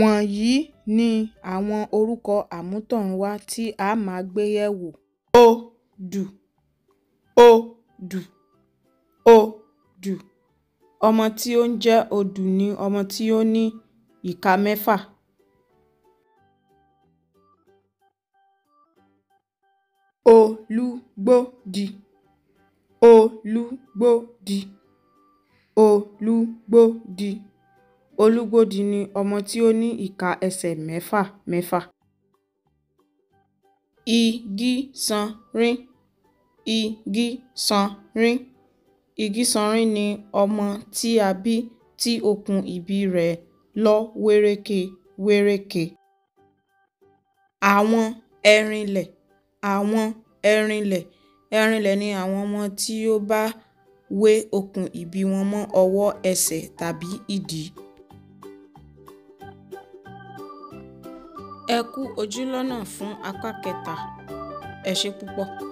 Wọ̀nyí ni àwọn orúkọ àmútọ̀runwá tí a máa gbé yẹ̀wò. Odù odù odù. Ọmọ tí ó ń jẹ́ odù ni ọmọ tí ó ní ìka mẹ́fà. Olúgbódi olúgbódi olúgbódi. Olúgbòdì ni ọmọ tí ó ní ìka ẹsẹ̀ mẹ́fà mẹ́fà. Igi Ìgísanrìn Ìgísanrìn ni ọmọ tí a bí tí okùn ìbí rẹ̀ lọ wérékewérèke. Àwọn erinlẹ̀ Àwọn erinlẹ̀ Erinlẹ̀ ni àwọn ọmọ tí ó bá wé okùn ìbí wọn mọ́ ọwọ́ ẹsẹ̀ tàbí ìdí. ẹ kú ojúlọ́nà fún apá kẹta ẹ ṣe púpọ̀